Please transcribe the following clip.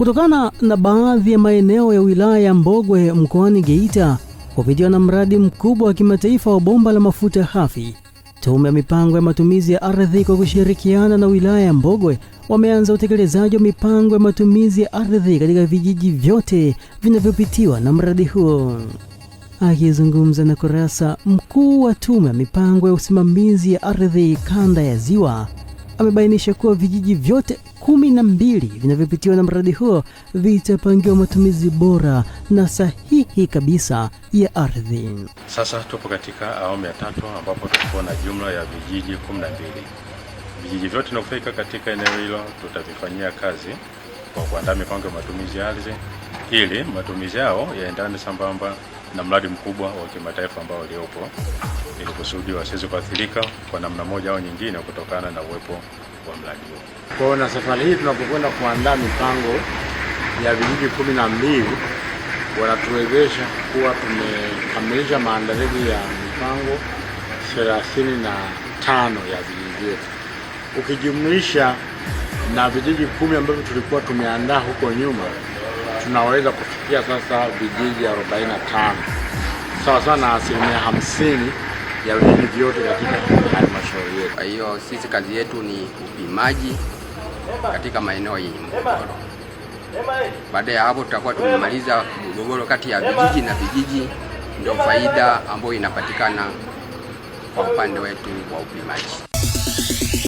kutokana na baadhi ya maeneo ya wilaya ya Mbogwe mkoani Geita kupitiwa na mradi mkubwa wa kimataifa wa bomba la mafuta hafi. Tume ya mipango ya matumizi ya ardhi kwa kushirikiana na wilaya ya Mbogwe wameanza utekelezaji wa mipango ya matumizi ya ardhi katika vijiji vyote vinavyopitiwa na mradi huo. Akizungumza na Kurasa, mkuu wa tume ya mipango ya usimamizi ya ardhi kanda ya Ziwa amebainisha kuwa vijiji vyote kumi na mbili vinavyopitiwa na mradi huo vitapangiwa matumizi bora na sahihi kabisa ya ardhi. Sasa tupo katika awamu ya tatu ambapo tutakuwa na jumla ya vijiji kumi na mbili. Vijiji vyote vinavyofika katika eneo hilo tutavifanyia kazi kwa kuandaa mipango ya matumizi ya ardhi ili matumizi yao yaendane sambamba na mradi mkubwa wa kimataifa ambao uliopo ili kusudi wasiweze kuathirika kwa namna moja au nyingine kutokana na uwepo kwa mradi huu. Kwa hiyo na safari hii tunapokwenda kuandaa mipango ya vijiji kumi na mbili wanatuwezesha kuwa tumekamilisha maandalizi ya mipango thelathini na tano ya vijiji vyetu ukijumlisha na vijiji kumi ambavyo tulikuwa tumeandaa huko nyuma, tunaweza kufikia sasa vijiji 45 sawa sawa na asilimia hamsini ya vitu vyote katika halmashauri yetu. Kwa hiyo sisi kazi yetu ni upimaji katika maeneo yenye mgogoro. Baada ya hapo, tutakuwa tumemaliza mgogoro kati ya vijiji na vijiji, ndio faida ambayo inapatikana kwa upande wetu wa upimaji.